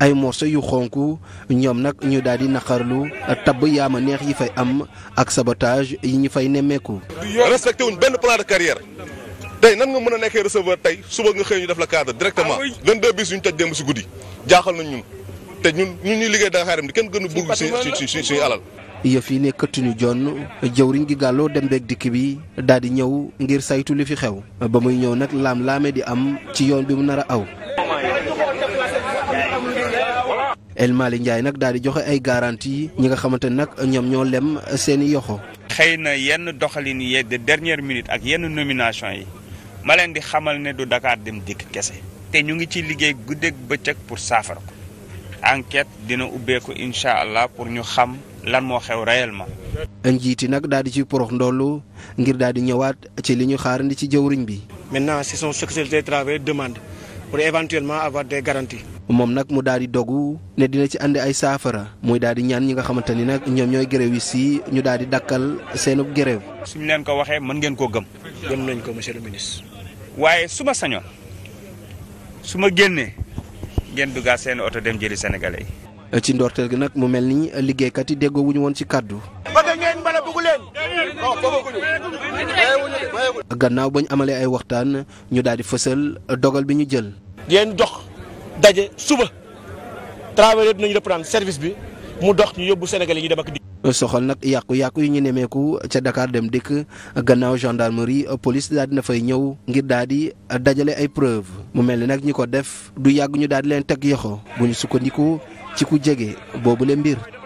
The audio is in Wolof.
ay morceau yu xonk ñoom nag ñu daal di naqarlu tabb ma neex yi fay am ak sabotage yi ñu fay nemmeeku. respecté wuñ benn plan de carrière tey nan nga mën a nekkee receveur tey suba nga xëy ñu def la cadre directement 22 ah bis ñu toj démb si guddi jaaxal nañ ñun te ñun ñu ñuy liggéey Dakar di kenn gënu bugg si si suñu alal. yëf yi nekkatuñu këttuñu jonn jëwriñ gi gàlloo dem beeg dikk bi daal di ñëw ngir saytu li fi xew ba muy ñëw nag laam-laame di am ci yoon bi mu nar a aw. El Malick Ndiaye nag daal di joxe ay garantie ñi nga xamante ne nag ñoom ñoo lem seen i yoxo. xëy na yenn doxalin yi de dernière minute ak yenn nomination yi ma leen di xamal ne du Dakar dem dikk kese. te ñu ngi ci liggéey guddeeg bëccëg pour saafara ko. enquête dina ubbeeku incha allah pour ñu xam lan moo xew réellement. njiiti nag daal di ci porox ndollu ngir daal di ñëwaat ci li ñu xaarandi ci jëwriñ bi. maintenant c'est son secrétaire de travail demande pour éventuellement avoir des garanties. moom nag mu daal di dogu ne dina ci andi ay saafara muy daal di ñaan ñi nga xamante ni nag ñoom ñooy gréw yi si ñu daal di dakkal seenub gréw. suñ leen ko waxee mën ngeen koo gëm. gëm nañ ko monsieur le ministre. waaye su ma sañoon su ma génnee ngeen duggaat seen oto dem jëli sénégalais yi. ci ndorteel gi nag mu mel ni liggéeykat yi déggoo wuñu woon ci kàddu. gannaaw bañ amalee ay waxtaan ñu daal di fësal dogal bi ñu jël. ngeen jox. daje suba travailleurs dinañu reprendre service bi mu dox ñu yóbbu Sénégalais yi ñu dem ak soxal nag yàqu-yàqu yi ñu nemeeku ca Dakar dem dikk gannaaw gendarmerie police daal dina fay ñëw ngir daal di dajale ay preuve mu mel ni nag ñi ko def du yàgg ñu daal di leen teg yoxo bu ñu sukkandiku ci ku jege boobu le mbir